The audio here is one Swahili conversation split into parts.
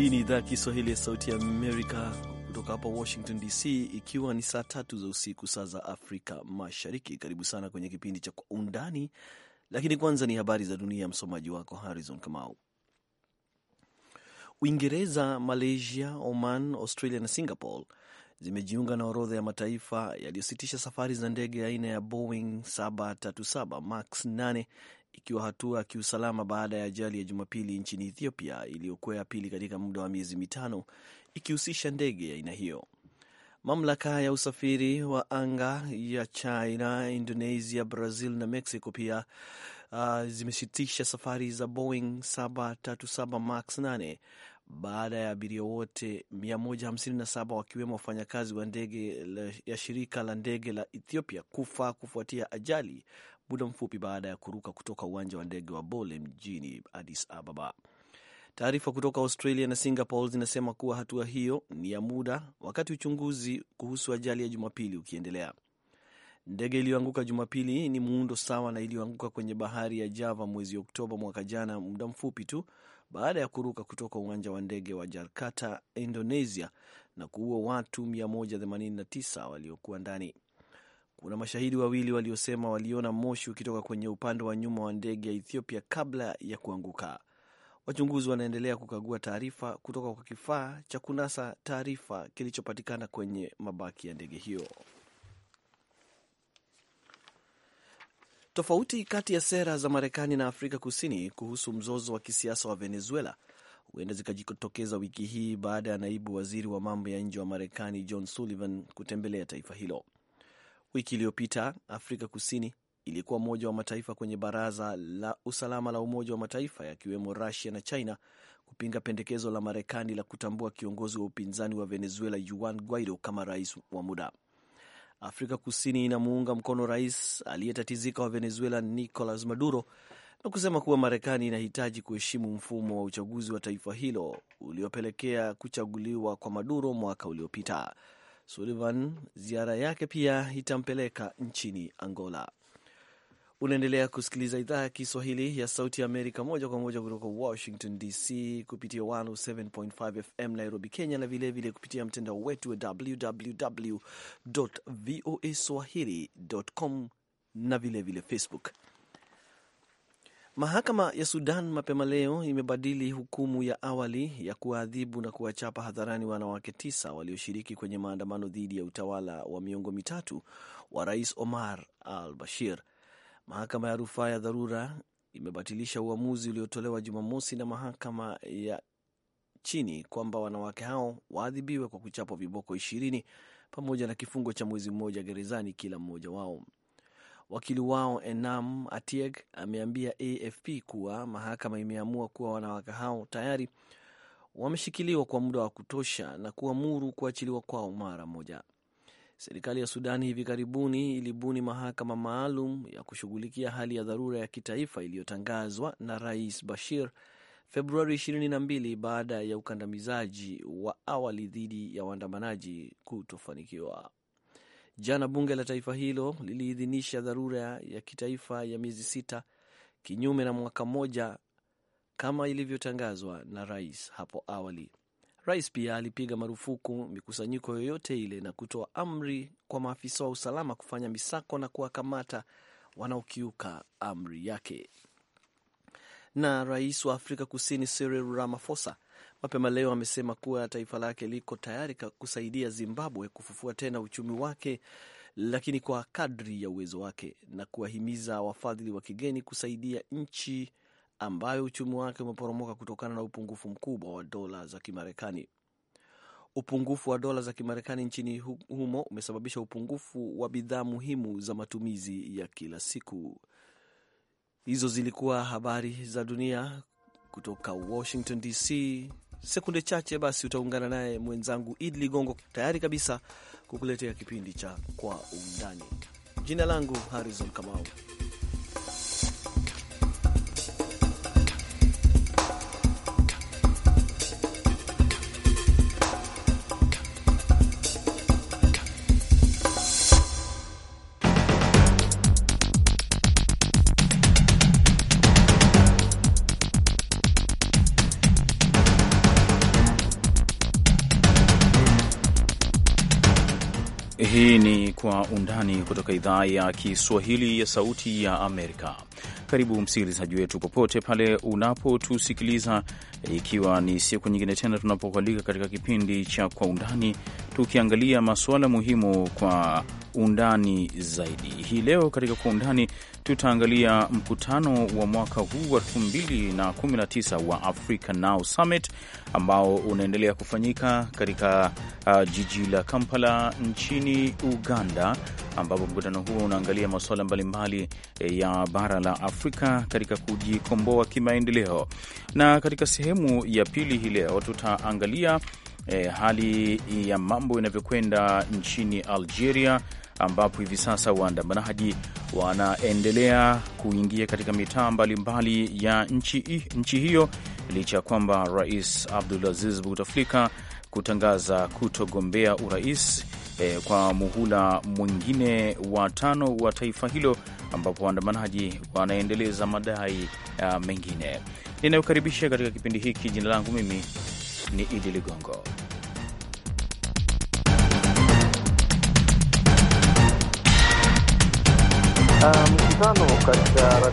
Hii ni idhaa ya Kiswahili ya Sauti ya Amerika kutoka hapa Washington DC, ikiwa ni saa tatu za usiku, saa za Afrika Mashariki. Karibu sana kwenye kipindi cha Kwa Undani, lakini kwanza ni habari za dunia. Msomaji wako Harrison Kamau. Uingereza, Malaysia, Oman, Australia na Singapore zimejiunga na orodha ya mataifa yaliyositisha safari za ndege aina ya Boeing 737 max 8 ikiwa hatua ya kiusalama baada ya ajali ya Jumapili nchini Ethiopia iliyokuwa ya pili katika muda wa miezi mitano ikihusisha ndege ya aina hiyo. Mamlaka ya usafiri wa anga ya China, Indonesia, Brazil na Mexico pia uh, zimesitisha safari za Boeing 737 Max 8 baada ya abiria wote 157 wakiwemo wafanyakazi wa ndege ya shirika la ndege la Ethiopia kufa kufuatia ajali muda mfupi baada ya kuruka kutoka uwanja wa ndege wa Bole mjini Addis Ababa. Taarifa kutoka Australia na Singapore zinasema kuwa hatua hiyo ni ya muda, wakati uchunguzi kuhusu ajali ya Jumapili ukiendelea. Ndege iliyoanguka Jumapili ni muundo sawa na iliyoanguka kwenye bahari ya Java mwezi Oktoba mwaka jana, muda mfupi tu baada ya kuruka kutoka uwanja wa ndege wa Jakarta, Indonesia, na kuua watu 189 waliokuwa ndani. Kuna mashahidi wawili waliosema waliona moshi ukitoka kwenye upande wa nyuma wa ndege ya Ethiopia kabla ya kuanguka. Wachunguzi wanaendelea kukagua taarifa kutoka kwa kifaa cha kunasa taarifa kilichopatikana kwenye mabaki ya ndege hiyo. Tofauti kati ya sera za Marekani na Afrika Kusini kuhusu mzozo wa kisiasa wa Venezuela huenda zikajitokeza wiki hii baada ya naibu waziri wa mambo ya nje wa Marekani John Sullivan kutembelea taifa hilo. Wiki iliyopita Afrika Kusini ilikuwa mmoja wa mataifa kwenye Baraza la Usalama la Umoja wa Mataifa yakiwemo Rusia na China kupinga pendekezo la Marekani la kutambua kiongozi wa upinzani wa Venezuela Juan Guaido kama rais wa muda. Afrika Kusini inamuunga mkono rais aliyetatizika wa Venezuela Nicolas Maduro na kusema kuwa Marekani inahitaji kuheshimu mfumo wa uchaguzi wa taifa hilo uliopelekea kuchaguliwa kwa Maduro mwaka uliopita. Sullivan ziara yake pia itampeleka nchini Angola. Unaendelea kusikiliza idhaa ya Kiswahili ya Sauti ya Amerika moja kwa moja kutoka Washington DC kupitia 107.5 FM Nairobi, Kenya, na vilevile vile kupitia mtandao wetu wa www voa swahili.com na vilevile vile Facebook. Mahakama ya Sudan mapema leo imebadili hukumu ya awali ya kuwaadhibu na kuwachapa hadharani wanawake tisa walioshiriki kwenye maandamano dhidi ya utawala wa miongo mitatu wa Rais Omar al Bashir. Mahakama ya rufaa ya dharura imebatilisha uamuzi uliotolewa Jumamosi na mahakama ya chini kwamba wanawake hao waadhibiwe kwa kuchapwa viboko ishirini pamoja na kifungo cha mwezi mmoja gerezani kila mmoja wao. Wakili wao Enam Atieg ameambia AFP kuwa mahakama imeamua kuwa wanawake hao tayari wameshikiliwa kwa muda wa kutosha na kuamuru kuachiliwa kwao mara moja. Serikali ya Sudani hivi karibuni ilibuni mahakama maalum ya kushughulikia hali ya dharura ya kitaifa iliyotangazwa na Rais Bashir Februari 22 baada ya ukandamizaji wa awali dhidi ya waandamanaji kutofanikiwa. Jana bunge la taifa hilo liliidhinisha dharura ya kitaifa ya miezi sita, kinyume na mwaka mmoja kama ilivyotangazwa na rais hapo awali. Rais pia alipiga marufuku mikusanyiko yoyote ile na kutoa amri kwa maafisa wa usalama kufanya misako na kuwakamata wanaokiuka amri yake. Na rais wa Afrika Kusini Cyril Ramaphosa mapema leo amesema kuwa taifa lake liko tayari kusaidia Zimbabwe kufufua tena uchumi wake, lakini kwa kadri ya uwezo wake, na kuwahimiza wafadhili wa kigeni kusaidia nchi ambayo uchumi wake umeporomoka kutokana na upungufu mkubwa wa dola za Kimarekani. Upungufu wa dola za Kimarekani nchini humo umesababisha upungufu wa bidhaa muhimu za matumizi ya kila siku. Hizo zilikuwa habari za dunia kutoka Washington DC. Sekunde chache basi utaungana naye mwenzangu Idi Ligongo, tayari kabisa kukuletea kipindi cha Kwa Undani. Jina langu Harrison Kamau. Hii ni Kwa Undani kutoka idhaa ya Kiswahili ya Sauti ya Amerika. Karibu msikilizaji wetu popote pale unapotusikiliza, ikiwa ni siku nyingine tena tunapokualika katika kipindi cha Kwa Undani, tukiangalia masuala muhimu kwa undani zaidi. Hii leo katika kwa undani tutaangalia mkutano wa mwaka huu wa 2019 wa Africa Now Summit ambao unaendelea kufanyika katika uh, jiji la Kampala nchini Uganda, ambapo mkutano huo unaangalia masuala mbalimbali eh, ya bara la Afrika katika kujikomboa kimaendeleo. Na katika sehemu ya pili hii leo tutaangalia eh, hali ya mambo inavyokwenda nchini Algeria ambapo hivi sasa waandamanaji wanaendelea kuingia katika mitaa mbalimbali ya nchi, nchi hiyo licha ya kwamba Rais Abdulaziz Bouteflika kutangaza kutogombea urais e, kwa muhula mwingine wa tano wa taifa hilo, ambapo waandamanaji wanaendeleza madai uh, mengine. Ninayokaribisha katika kipindi hiki, jina langu mimi ni Idi Ligongo. mkutano katika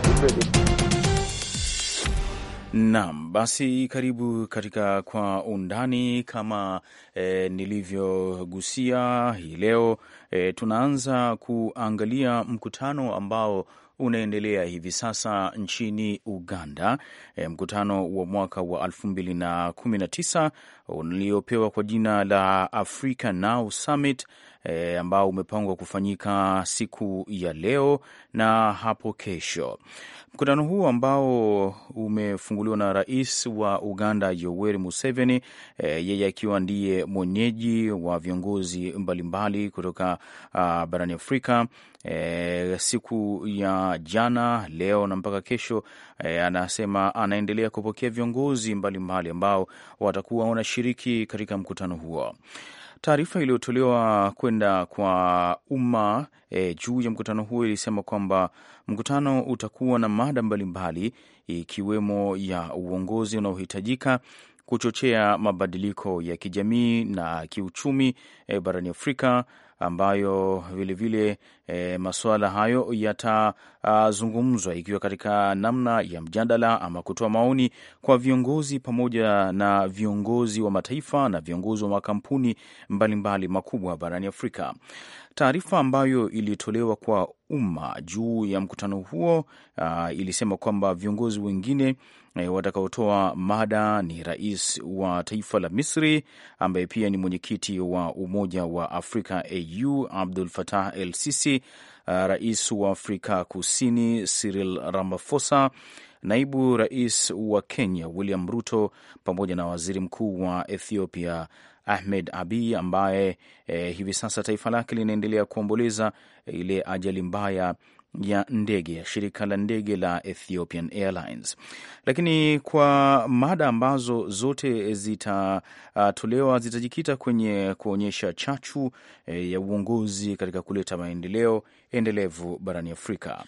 Naam, basi karibu katika Kwa Undani. Kama e, nilivyogusia hii leo e, tunaanza kuangalia mkutano ambao unaendelea hivi sasa nchini Uganda, e, mkutano wa mwaka wa 2019 uliopewa kwa jina la Africa Now Summit e, ambao umepangwa kufanyika siku ya leo na hapo kesho. Mkutano huu ambao umefunguliwa na rais wa Uganda Yoweri Museveni, e, yeye akiwa ndiye mwenyeji wa viongozi mbalimbali kutoka uh, barani Afrika. E, siku ya jana, leo na mpaka kesho e, anasema anaendelea kupokea viongozi mbalimbali ambao watakuwa wanashiriki katika mkutano huo. Taarifa iliyotolewa kwenda kwa umma e, juu ya mkutano huo ilisema kwamba mkutano utakuwa na mada mbalimbali ikiwemo ya uongozi unaohitajika kuchochea mabadiliko ya kijamii na kiuchumi e, barani Afrika ambayo vilevile vile, e, masuala hayo yatazungumzwa ikiwa katika namna ya mjadala ama kutoa maoni kwa viongozi pamoja na viongozi wa mataifa na viongozi wa makampuni mbalimbali mbali makubwa barani Afrika. Taarifa ambayo ilitolewa kwa umma juu ya mkutano huo, uh, ilisema kwamba viongozi wengine Watakaotoa mada ni rais wa taifa la Misri ambaye pia ni mwenyekiti wa Umoja wa Afrika au Abdul Fatah El Sisi, uh, rais wa Afrika Kusini Cyril Ramaphosa, naibu rais wa Kenya William Ruto, pamoja na waziri mkuu wa Ethiopia Ahmed abi ambaye eh, hivi sasa taifa lake linaendelea kuomboleza eh, ile ajali mbaya ya ndege ya shirika la ndege la Ethiopian Airlines, lakini kwa mada ambazo zote zitatolewa uh, zitajikita kwenye kuonyesha chachu eh, ya uongozi katika kuleta maendeleo endelevu barani Afrika.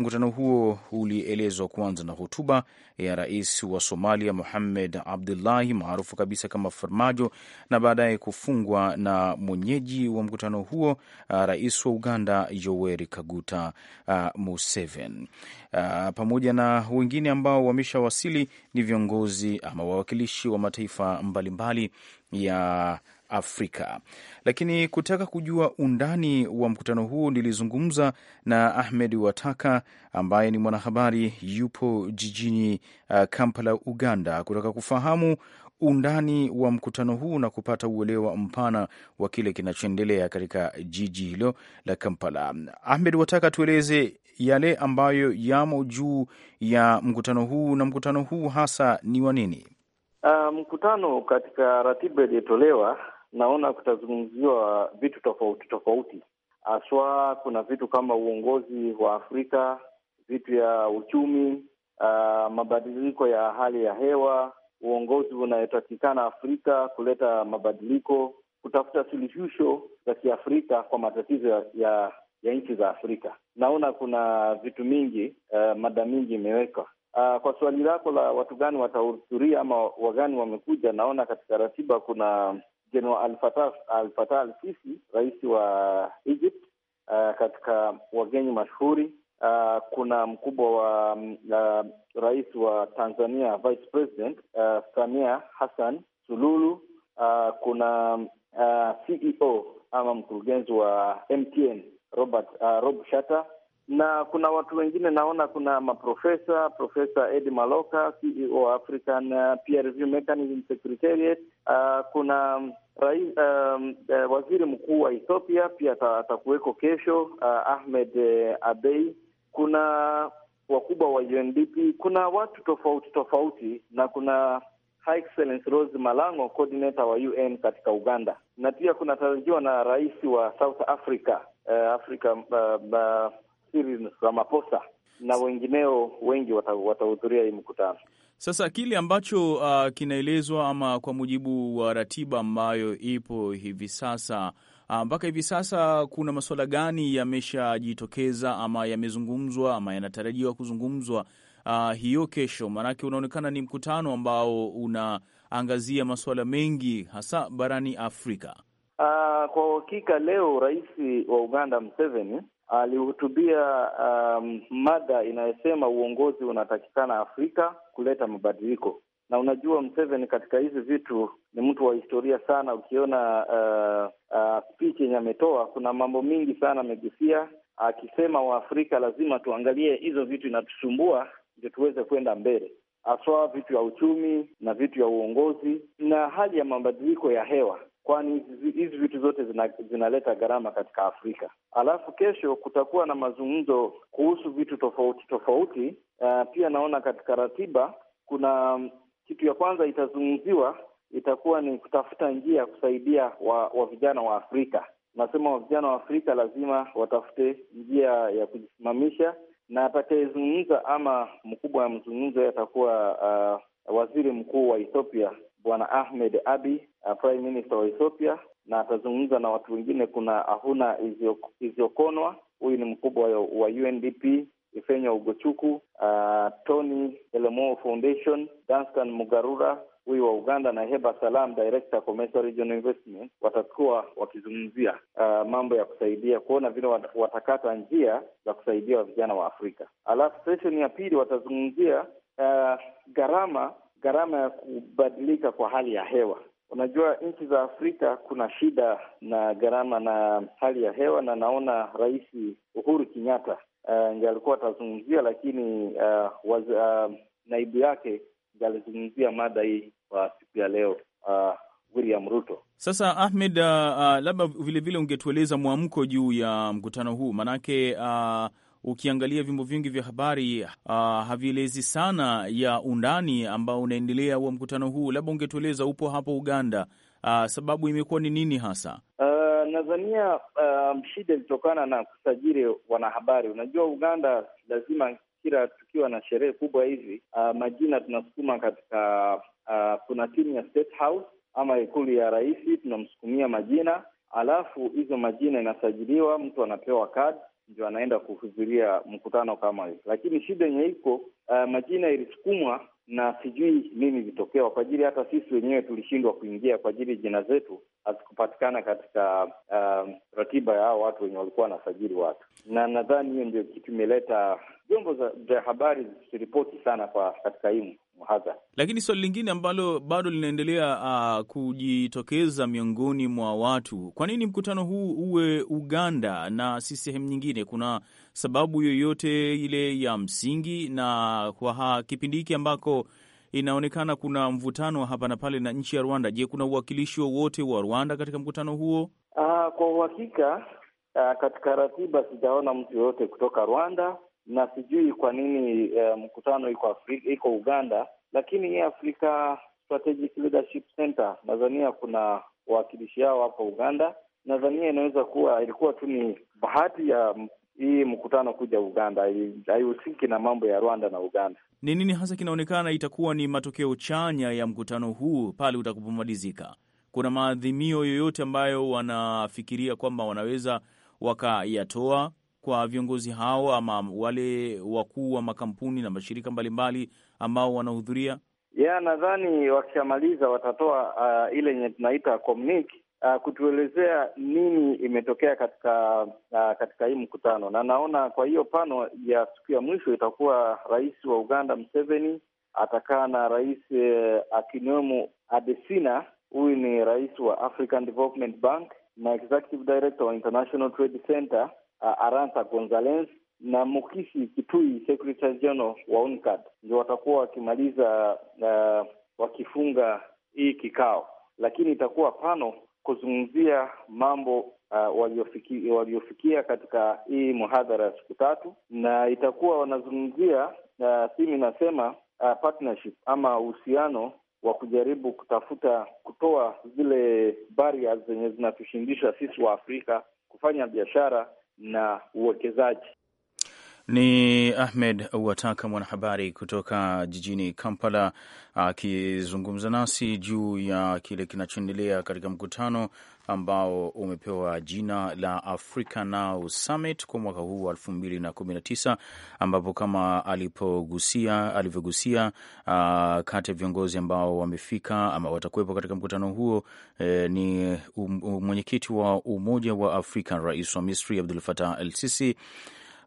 Mkutano huo ulielezwa kuanza na hotuba ya rais wa Somalia Mohamed Abdullahi maarufu kabisa kama Farmajo, na baadaye kufungwa na mwenyeji wa mkutano huo, rais wa Uganda Yoweri Kaguta uh, Museveni. Uh, pamoja na wengine ambao wameshawasili ni viongozi ama wawakilishi wa mataifa mbalimbali mbali ya Afrika. Lakini kutaka kujua undani wa mkutano huu, nilizungumza na Ahmed Wataka ambaye ni mwanahabari yupo jijini uh, Kampala, Uganda, kutaka kufahamu undani wa mkutano huu na kupata uelewa mpana wa kile kinachoendelea katika jiji hilo la Kampala. Ahmed Wataka, tueleze yale ambayo yamo juu ya mkutano huu na mkutano huu hasa ni wa nini? Uh, mkutano katika ratiba iliyotolewa naona kutazungumziwa vitu tofauti tofauti, haswa kuna vitu kama uongozi wa Afrika, vitu ya uchumi, uh, mabadiliko ya hali ya hewa, uongozi unayotakikana Afrika kuleta mabadiliko, kutafuta suluhisho za Kiafrika kwa matatizo ya, ya, ya nchi za Afrika. Naona kuna vitu mingi, uh, mada mingi imewekwa. Uh, kwa swali lako la watu gani watahudhuria ama wagani wamekuja, naona katika ratiba kuna General Al-Fatah Al-Fatah Al-Sisi, rais wa Egypt, uh, katika wageni mashuhuri uh, kuna mkubwa wa um, uh, rais wa Tanzania Vice President uh, Samia Hassan Sululu uh, kuna uh, CEO ama mkurugenzi wa MTN Robert uh, Rob Shata na kuna watu wengine naona kuna maprofesa, Profesa Edi Maloka, CEO African uh, Peer Review Mechanism Secretariat. Uh, kuna rais, um, uh, waziri mkuu wa Ethiopia pia atakuweko kesho, uh, Ahmed uh, Abei. Kuna wakubwa wa UNDP, kuna watu tofauti tofauti, na kuna High Excellency Rose Malango, coordinator wa UN katika Uganda, na pia kunatarajiwa na rais wa South Africa, uh, Africa uh, uh, Cyril Ramaphosa na wengineo wengi watahudhuria hii mkutano. Sasa kile ambacho uh, kinaelezwa ama kwa mujibu wa ratiba ambayo ipo hivi sasa uh, mpaka hivi sasa kuna masuala gani yameshajitokeza ama yamezungumzwa ama yanatarajiwa kuzungumzwa uh, hiyo kesho? Maanake unaonekana ni mkutano ambao unaangazia masuala mengi hasa barani Afrika. Uh, kwa uhakika leo rais wa Uganda Museveni alihutubia um, mada inayosema uongozi unatakikana Afrika kuleta mabadiliko. Na unajua Mseveni katika hizi vitu ni mtu wa historia sana. Ukiona uh, uh, speech yenye ametoa, kuna mambo mingi sana amegusia, akisema Waafrika lazima tuangalie hizo vitu inatusumbua, ndio tuweze kwenda mbele, haswa vitu ya uchumi na vitu ya uongozi na hali ya mabadiliko ya hewa kwani hizi vitu zote zina, zinaleta gharama katika Afrika. Alafu kesho kutakuwa na mazungumzo kuhusu vitu tofauti tofauti. Uh, pia naona katika ratiba kuna mm, kitu ya kwanza itazungumziwa itakuwa ni kutafuta njia ya kusaidia wa, wa vijana wa Afrika. Nasema wa vijana wa Afrika lazima watafute njia ya kujisimamisha, na atakayezungumza ama mkubwa ya mzungumzo atakuwa uh, waziri mkuu wa Ethiopia Bwana Ahmed Abi, uh, Prime Minister wa Ethiopia, na atazungumza na watu wengine. Kuna Ahuna Iziokonwa, huyu ni mkubwa wa UNDP, Ifenya Ugochuku, uh, Tony Elemo Foundation, Danstan Mugarura huyu wa Uganda na Heba Salam, director Commercial Regional Investment, watakuwa wakizungumzia uh, mambo ya kusaidia kuona vile watakata njia za kusaidia wa vijana wa Afrika. Alafu sesheni ya pili watazungumzia uh, gharama gharama ya kubadilika kwa hali ya hewa. Unajua, nchi za Afrika kuna shida na gharama na hali ya hewa, na naona Rais Uhuru Kenyatta uh, alikuwa atazungumzia, lakini uh, waz, uh, naibu yake ndio alizungumzia mada hii kwa siku ya leo uh, William Ruto. Sasa Ahmed, uh, uh, labda vilevile ungetueleza mwamko juu ya mkutano huu maanake uh, ukiangalia vyombo vingi vya habari uh, havielezi sana ya undani ambao unaendelea wa mkutano huu. Labda ungetueleza, upo hapo Uganda, uh, sababu imekuwa ni nini hasa? Uh, nadhania uh, shida ilitokana na kusajili wanahabari. Unajua Uganda lazima kila tukiwa na sherehe kubwa hivi uh, majina tunasukuma katika uh, kuna timu ya State House ama ikulu ya rais, tunamsukumia majina alafu hizo majina inasajiliwa, mtu anapewa kadi ndio anaenda kuhudhuria mkutano kama hiyo. Lakini shida yenye iko uh, majina ilisukumwa na sijui nini ilitokewa kwa ajili hata sisi wenyewe tulishindwa kuingia kwa ajili jina zetu hazikupatikana katika uh, ratiba ya hao watu wenye walikuwa wanasajili watu, na nadhani hiyo ndio kitu imeleta vyombo vya habari zikiripoti sana kwa katika himu hasa. Lakini swali lingine ambalo bado linaendelea uh, kujitokeza miongoni mwa watu, kwa nini mkutano huu uwe Uganda na si sehemu nyingine? Kuna sababu yoyote ile ya msingi? Na kwa kipindi hiki ambako inaonekana kuna mvutano hapa na pale na nchi ya Rwanda, je, kuna uwakilishi wowote wa Rwanda katika mkutano huo? Uh, kwa uhakika, uh, katika ratiba sijaona mtu yoyote kutoka Rwanda na sijui kwa nini eh, mkutano iko Afrika, iko Uganda, lakini hii Africa Strategic Leadership Center nadhania kuna wawakilishi hao hapo Uganda. Nadhania inaweza kuwa ilikuwa tu ni bahati ya hii mkutano kuja Uganda, haihusiki na mambo ya Rwanda na Uganda. Ni nini hasa kinaonekana itakuwa ni matokeo chanya ya mkutano huu pale utakapomalizika? Kuna maadhimio yoyote ambayo wanafikiria kwamba wanaweza wakayatoa kwa viongozi hao ama wale wakuu wa makampuni na mashirika mbalimbali ambao wanahudhuria? Ya, nadhani wakishamaliza watatoa uh, ile yenye tunaita communique uh, kutuelezea nini imetokea katika uh, katika hii mkutano, na naona kwa hiyo pano ya siku ya mwisho itakuwa rais wa Uganda Museveni atakaa na rais uh, Akinwemu Adesina. Huyu ni rais wa African Development Bank na executive director wa International Trade Center uh, Aranta Gonzalez na Mukisi Kitui, Secretary General wa UNCAD, ndio watakuwa wakimaliza uh, wakifunga hii kikao, lakini itakuwa pano kuzungumzia mambo uh, waliofikia, waliofikia katika hii muhadhara ya siku tatu, na itakuwa wanazungumzia uh, simi nasema uh, partnership ama uhusiano wa kujaribu kutafuta kutoa zile barriers zenye zinatushindisha sisi wa Afrika kufanya biashara na uwekezaji. Ni Ahmed Wataka, mwanahabari kutoka jijini Kampala, akizungumza nasi juu ya kile kinachoendelea katika mkutano ambao umepewa jina la Africa Now Summit kwa mwaka huu wa 2019 ambapo kama alipogusia alivyogusia ah, kati ya viongozi ambao wamefika ama watakuwepo katika mkutano huo e, ni um, um, mwenyekiti wa Umoja wa Afrika, Rais wa Misri Abdul Fatah El Sisi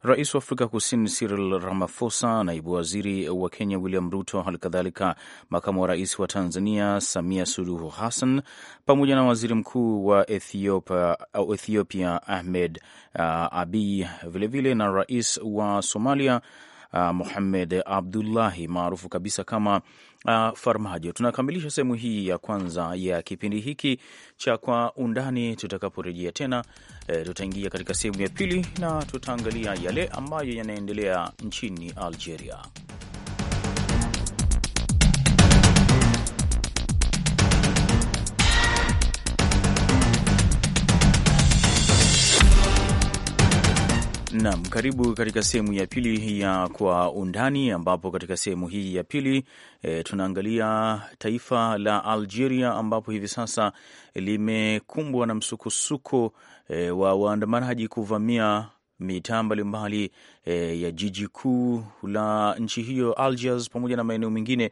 Rais wa Afrika Kusini Cyril Ramaphosa, naibu waziri wa Kenya William Ruto, halikadhalika makamu wa rais wa Tanzania Samia Suluhu Hassan pamoja na waziri mkuu wa Ethiopia, Ethiopia Ahmed uh, Abi, vilevile na rais wa Somalia uh, Mohamed Abdullahi maarufu kabisa kama uh, Farmajo. Tunakamilisha sehemu hii ya kwanza ya kipindi hiki cha Kwa Undani. Tutakaporejea tena e, tutaingia katika sehemu ya pili na tutaangalia yale ambayo yanaendelea nchini Algeria. Naam, karibu katika sehemu ya pili ya Kwa Undani, ambapo katika sehemu hii ya pili e, tunaangalia taifa la Algeria ambapo hivi sasa limekumbwa na msukosuko e, wa waandamanaji kuvamia mitaa mbalimbali e, ya jiji kuu la nchi hiyo Algiers, pamoja na maeneo mengine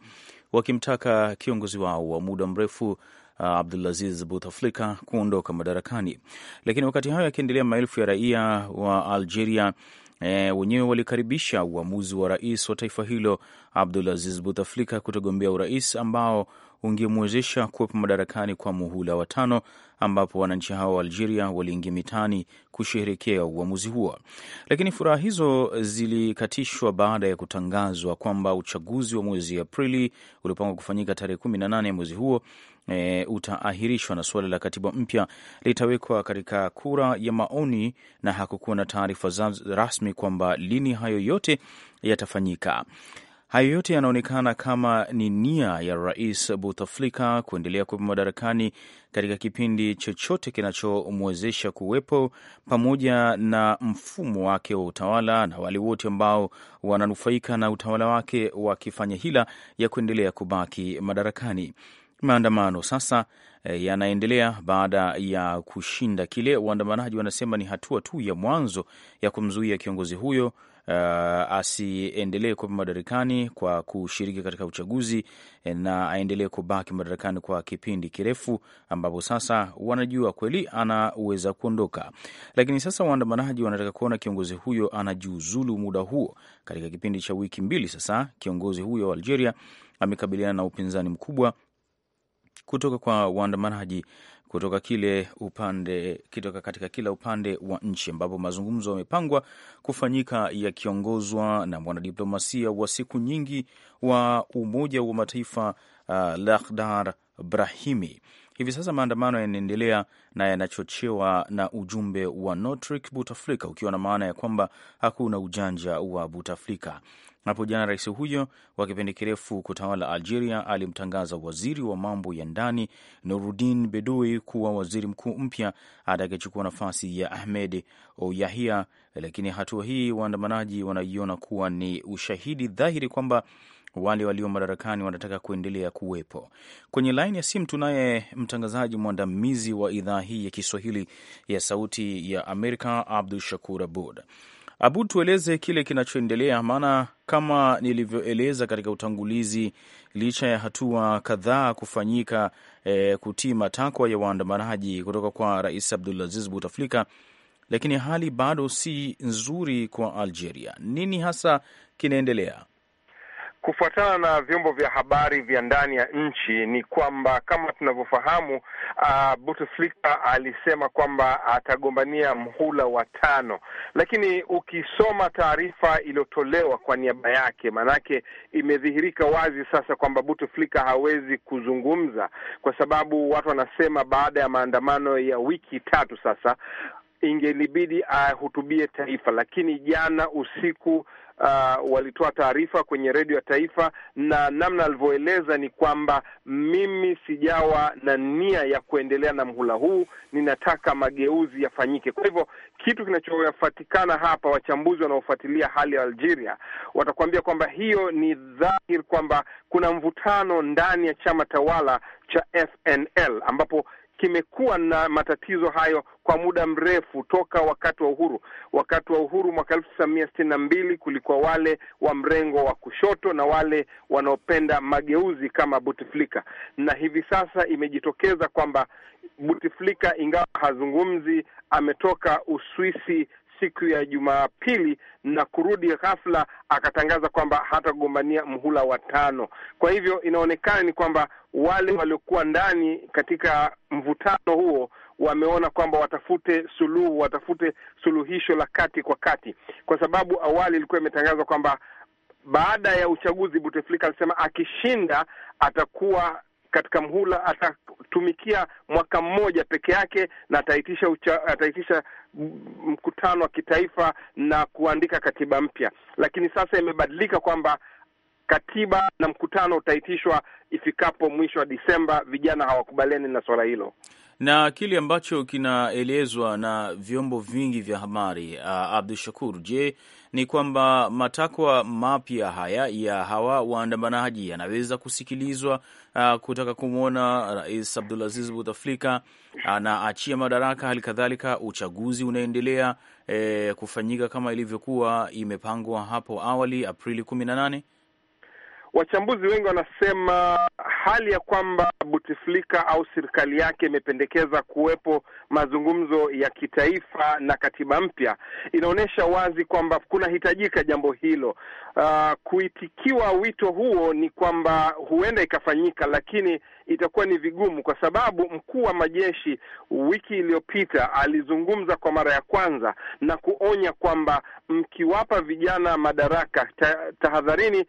wakimtaka kiongozi wao wa muda mrefu uh, Abdulaziz Bouteflika kuondoka madarakani. Lakini wakati hayo yakiendelea, maelfu ya raia wa Algeria E, wenyewe walikaribisha uamuzi wa rais wa taifa hilo Abdulaziz Bouteflika kutogombea urais ambao ungemwezesha kuwepo madarakani kwa muhula wa tano, ambapo wananchi hao wa Algeria waliingia mitaani kusherehekea uamuzi huo. Lakini furaha hizo zilikatishwa baada ya kutangazwa kwamba uchaguzi wa mwezi Aprili uliopangwa kufanyika tarehe 18 ya mwezi huo e, utaahirishwa na suala la katiba mpya litawekwa katika kura ya maoni, na hakukuwa na taarifa rasmi kwamba lini hayo yote yatafanyika. Hayo yote yanaonekana kama ni nia ya Rais Bouteflika kuendelea kuwepo madarakani katika kipindi chochote kinachomwezesha kuwepo, pamoja na mfumo wake wa utawala na wale wote ambao wananufaika na utawala wake wakifanya hila ya kuendelea kubaki madarakani. Maandamano sasa e, yanaendelea baada ya kushinda kile waandamanaji wanasema ni hatua tu ya mwanzo ya kumzuia kiongozi huyo Uh, asiendelee kuwepo madarakani kwa kushiriki katika uchaguzi eh, na aendelee kubaki madarakani kwa kipindi kirefu, ambapo sasa wanajua kweli anaweza kuondoka. Lakini sasa waandamanaji wanataka kuona kiongozi huyo anajiuzulu muda huo. Katika kipindi cha wiki mbili sasa, kiongozi huyo wa Algeria amekabiliana na upinzani mkubwa kutoka kwa waandamanaji kutoka kile upande kutoka katika kila upande wa nchi ambapo mazungumzo yamepangwa kufanyika yakiongozwa na mwanadiplomasia wa siku nyingi wa Umoja wa Mataifa uh, Lakhdar Brahimi. Hivi sasa maandamano yanaendelea na yanachochewa na ujumbe wa Notric Butaflika, ukiwa na maana ya kwamba hakuna ujanja wa Butaflika. Hapo jana rais huyo wa kipindi kirefu kutawala Algeria alimtangaza waziri wa mambo ya ndani nurudin Bedoui kuwa waziri mkuu mpya atakayechukua nafasi ya Ahmed oyahia lakini hatua hii waandamanaji wanaiona kuwa ni ushahidi dhahiri kwamba wale walio madarakani wanataka kuendelea kuwepo. Kwenye laini ya simu tunaye mtangazaji mwandamizi wa idhaa hii ya Kiswahili ya Sauti ya Amerika, Abdu Shakur Abud. Abu, tueleze kile kinachoendelea, maana kama nilivyoeleza katika utangulizi, licha ya hatua kadhaa kufanyika e, kutii matakwa ya waandamanaji kutoka kwa Rais Abdulaziz Butaflika, lakini hali bado si nzuri kwa Algeria. Nini hasa kinaendelea? Kufuatana na vyombo vya habari vya ndani ya nchi ni kwamba kama tunavyofahamu, uh, Bouteflika alisema kwamba atagombania mhula wa tano, lakini ukisoma taarifa iliyotolewa kwa niaba yake, maanake imedhihirika wazi sasa kwamba Bouteflika hawezi kuzungumza kwa sababu watu wanasema baada ya maandamano ya wiki tatu sasa ingelibidi ahutubie taifa, lakini jana usiku uh, walitoa taarifa kwenye redio ya taifa, na namna alivyoeleza ni kwamba mimi sijawa na nia ya kuendelea na mhula huu, ninataka mageuzi yafanyike. Kwa hivyo kitu kinachofatikana hapa, wachambuzi wanaofuatilia hali ya Algeria watakuambia kwamba hiyo ni dhahiri kwamba kuna mvutano ndani ya chama tawala cha FNL ambapo kimekuwa na matatizo hayo kwa muda mrefu toka wakati wa uhuru. Wakati wa uhuru mwaka elfu tisa mia sitini na mbili kulikuwa wale wa mrengo wa kushoto na wale wanaopenda mageuzi kama Butiflika, na hivi sasa imejitokeza kwamba Butiflika ingawa hazungumzi, ametoka Uswisi siku ya Jumapili na kurudi ghafla akatangaza kwamba hatagombania mhula wa tano. Kwa hivyo inaonekana ni kwamba wale waliokuwa ndani katika mvutano huo wameona kwamba watafute suluhu, watafute suluhisho la kati kwa kati, kwa sababu awali ilikuwa imetangazwa kwamba baada ya uchaguzi, Buteflika alisema akishinda atakuwa katika mhula atatumikia mwaka mmoja peke yake, na ataitisha ucha, ataitisha mkutano wa kitaifa na kuandika katiba mpya. Lakini sasa imebadilika kwamba katiba na mkutano utaitishwa ifikapo mwisho wa Disemba. Vijana hawakubaliani na swala hilo na kile ambacho kinaelezwa na vyombo vingi vya habari uh, Abdu Shakur, je, ni kwamba matakwa mapya haya ya hawa waandamanaji yanaweza kusikilizwa uh, kutaka kumwona Rais Abdulaziz Butaflika anaachia uh, madaraka, hali kadhalika uchaguzi unaendelea eh, kufanyika kama ilivyokuwa imepangwa hapo awali Aprili kumi na nane. Wachambuzi wengi wanasema hali ya kwamba Butiflika au serikali yake imependekeza kuwepo mazungumzo ya kitaifa na katiba mpya inaonyesha wazi kwamba kunahitajika jambo hilo. Uh, kuitikiwa wito huo ni kwamba huenda ikafanyika, lakini itakuwa ni vigumu, kwa sababu mkuu wa majeshi wiki iliyopita alizungumza kwa mara ya kwanza na kuonya kwamba mkiwapa vijana madaraka ta, tahadharini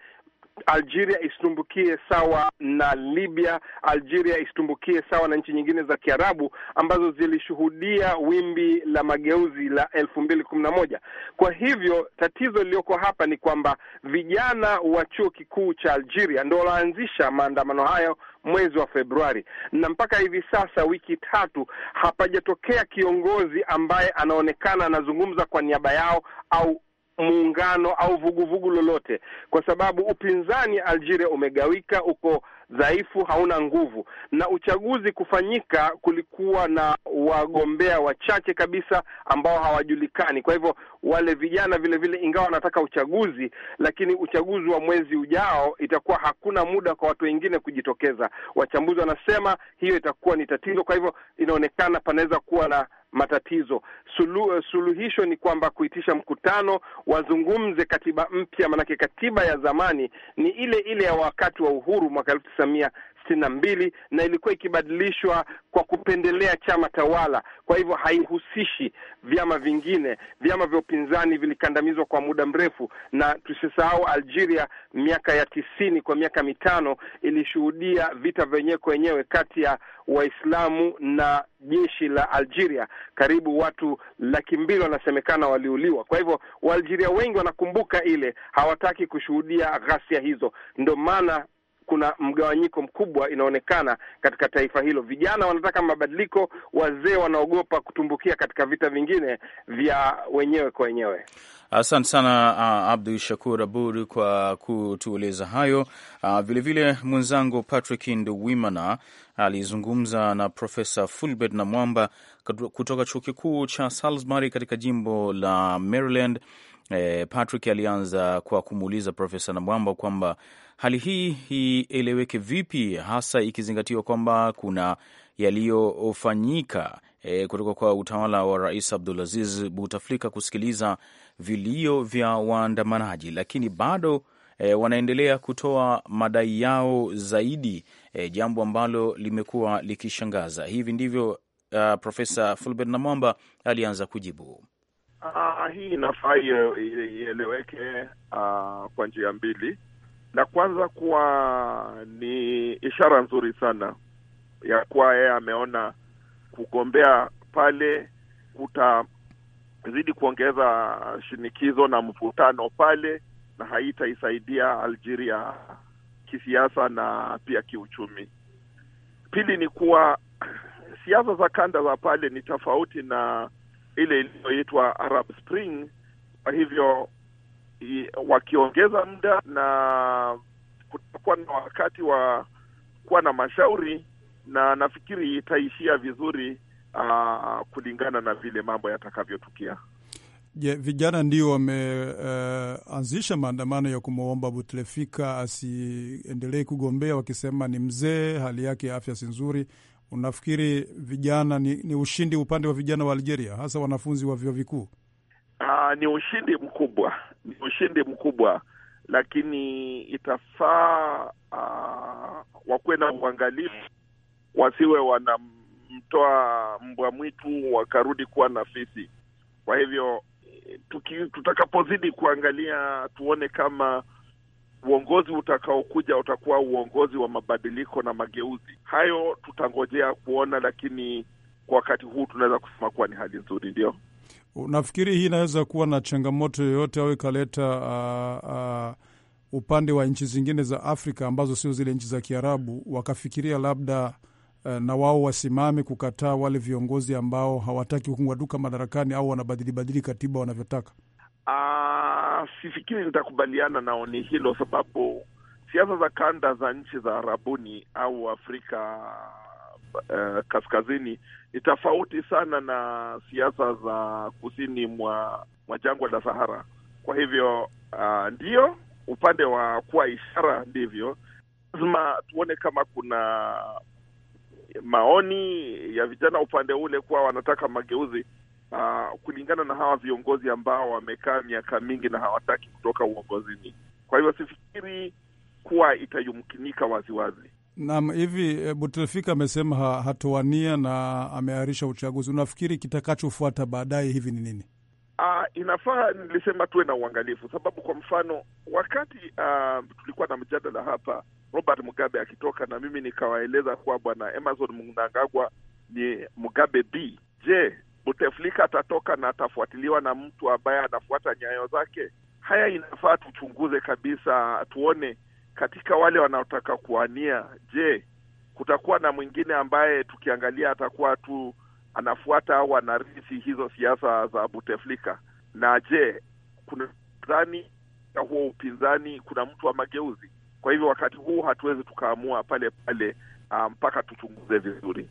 Algeria isitumbukie sawa na Libya, Algeria isitumbukie sawa na nchi nyingine za Kiarabu ambazo zilishuhudia wimbi la mageuzi la elfu mbili kumi na moja. Kwa hivyo tatizo liliyoko hapa ni kwamba vijana wa chuo kikuu cha Algeria ndo walaanzisha maandamano hayo mwezi wa Februari, na mpaka hivi sasa wiki tatu hapajatokea kiongozi ambaye anaonekana anazungumza kwa niaba yao au muungano au vuguvugu vugu lolote, kwa sababu upinzani Algeria umegawika, uko dhaifu, hauna nguvu. Na uchaguzi kufanyika, kulikuwa na wagombea wachache kabisa ambao hawajulikani. Kwa hivyo wale vijana vile vile, ingawa wanataka uchaguzi, lakini uchaguzi wa mwezi ujao itakuwa hakuna muda kwa watu wengine kujitokeza. Wachambuzi wanasema hiyo itakuwa ni tatizo. Kwa hivyo inaonekana panaweza kuwa na matatizo. Sulu, eh, suluhisho ni kwamba kuitisha mkutano, wazungumze katiba mpya, maanake katiba ya zamani ni ile ile ya wakati wa uhuru mwaka elfu tisa mia sitini na mbili na ilikuwa ikibadilishwa kwa kupendelea chama tawala. Kwa hivyo haihusishi vyama vingine. Vyama vya upinzani vilikandamizwa kwa muda mrefu, na tusisahau Algeria, miaka ya tisini kwa miaka mitano ilishuhudia vita vyenyewe kwa wenyewe kati ya Waislamu na jeshi la Algeria. Karibu watu laki mbili wanasemekana waliuliwa. Kwa hivyo Waalgeria wengi wanakumbuka ile, hawataki kushuhudia ghasia hizo, ndio maana kuna mgawanyiko mkubwa inaonekana katika taifa hilo. Vijana wanataka mabadiliko, wazee wanaogopa kutumbukia katika vita vingine vya wenyewe kwa wenyewe. Asante sana uh, Abdu Shakur Abud kwa kutueleza hayo. Uh, vilevile mwenzangu Patrick Nduwimana alizungumza na Profesa Fulbert na Mwamba kutoka chuo kikuu cha Salisbury katika jimbo la Maryland. Eh, Patrick alianza kwa kumuuliza Profesa Namwamba kwamba hali hii ieleweke vipi, hasa ikizingatiwa kwamba kuna yaliyofanyika e, kutoka kwa utawala wa Rais Abdulaziz Butaflika kusikiliza vilio vya waandamanaji, lakini bado e, wanaendelea kutoa madai yao zaidi, e, jambo ambalo limekuwa likishangaza. Hivi ndivyo uh, Profesa Fulbert Namwamba alianza kujibu. Uh, hii inafaa ieleweke uh, kwa njia mbili la kwanza kuwa ni ishara nzuri sana ya kuwa yeye ameona kugombea pale kutazidi kuongeza shinikizo na mvutano pale, na haitaisaidia Algeria kisiasa na pia kiuchumi. Pili ni kuwa siasa za kanda za pale ni tofauti na ile iliyoitwa Arab Spring, kwa hivyo wakiongeza muda na kutakuwa na wakati wa kuwa na mashauri, na nafikiri itaishia vizuri uh, kulingana na vile mambo yatakavyotukia. Je, yeah, vijana ndio wameanzisha eh, uh, maandamano ya kumwomba Butlefika asiendelee kugombea, wakisema ni mzee, hali yake ya afya si nzuri. Unafikiri vijana ni, ni ushindi upande wa vijana wa Algeria, hasa wanafunzi wa vyuo vikuu? Uh, ni ushindi mkubwa ni ushindi mkubwa, lakini itafaa uh, wakuwe na uangalifu, wasiwe wanamtoa mbwa mwitu wakarudi kuwa na fisi. Kwa hivyo eh, tuki, tutakapozidi kuangalia tuone kama uongozi utakaokuja utakuwa uongozi wa mabadiliko na mageuzi. Hayo tutangojea kuona, lakini kwa wakati huu tunaweza kusema kuwa ni hali nzuri, ndio nafikiri hii inaweza kuwa na changamoto yoyote au ikaleta uh, uh, upande wa nchi zingine za Afrika ambazo sio zile nchi za Kiarabu wakafikiria labda uh, na wao wasimame kukataa wale viongozi ambao hawataki kung'atuka madarakani au wanabadilibadili katiba wanavyotaka? Uh, sifikiri nitakubaliana na oni hilo, sababu siasa za kanda za nchi za Arabuni au Afrika uh, kaskazini ni tofauti sana na siasa za kusini mwa, mwa jangwa la Sahara. Kwa hivyo uh, ndio upande wa kuwa ishara ndivyo, lazima tuone kama kuna maoni ya vijana upande ule kuwa wanataka mageuzi uh, kulingana na hawa viongozi ambao wamekaa miaka mingi na hawataki kutoka uongozini. Kwa hivyo sifikiri kuwa itayumkinika waziwazi. Naam, hivi eh, Butlefika amesema ha, hatowania na ameahirisha uchaguzi. Unafikiri kitakachofuata baadaye hivi ni nini? Uh, inafaa nilisema tuwe na uangalifu, sababu kwa mfano wakati uh, tulikuwa na mjadala hapa, Robert Mugabe akitoka na mimi nikawaeleza kuwa bwana Emmerson Mnangagwa ni Mugabe B. Je, Buteflika atatoka na atafuatiliwa na mtu ambaye anafuata nyayo zake? Haya inafaa tuchunguze kabisa, tuone katika wale wanaotaka kuania je, kutakuwa na mwingine ambaye tukiangalia atakuwa tu anafuata au anarithi hizo siasa za Buteflika? Na je, kuna dhani ya huo upinzani kuna mtu wa mageuzi? Kwa hivyo wakati huu hatuwezi tukaamua pale pale ah, mpaka um, tuchunguze vizuri.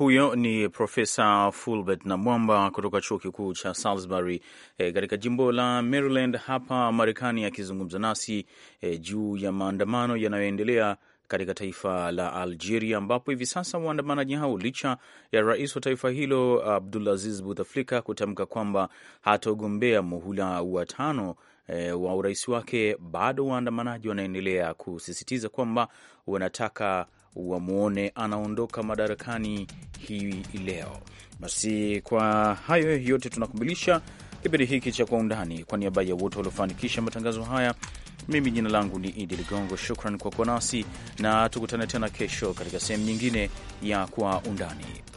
Huyo ni Profesa Fulbert Namwamba kutoka chuo kikuu cha Salisbury e, katika jimbo la Maryland hapa Marekani, akizungumza nasi e, juu ya maandamano yanayoendelea katika taifa la Algeria ambapo hivi sasa waandamanaji hao licha ya rais wa taifa hilo Abdulaziz Bouteflika kutamka kwamba hatagombea muhula wa tano e, wa urais wake, bado waandamanaji wanaendelea kusisitiza kwamba wanataka wamwone anaondoka madarakani hii leo. Basi kwa hayo yote tunakamilisha kipindi hiki cha Kwa Undani. Kwa niaba ya wote waliofanikisha matangazo haya, mimi jina langu ni Idi Ligongo. Shukran kwa kuwa nasi na tukutane tena kesho katika sehemu nyingine ya Kwa Undani.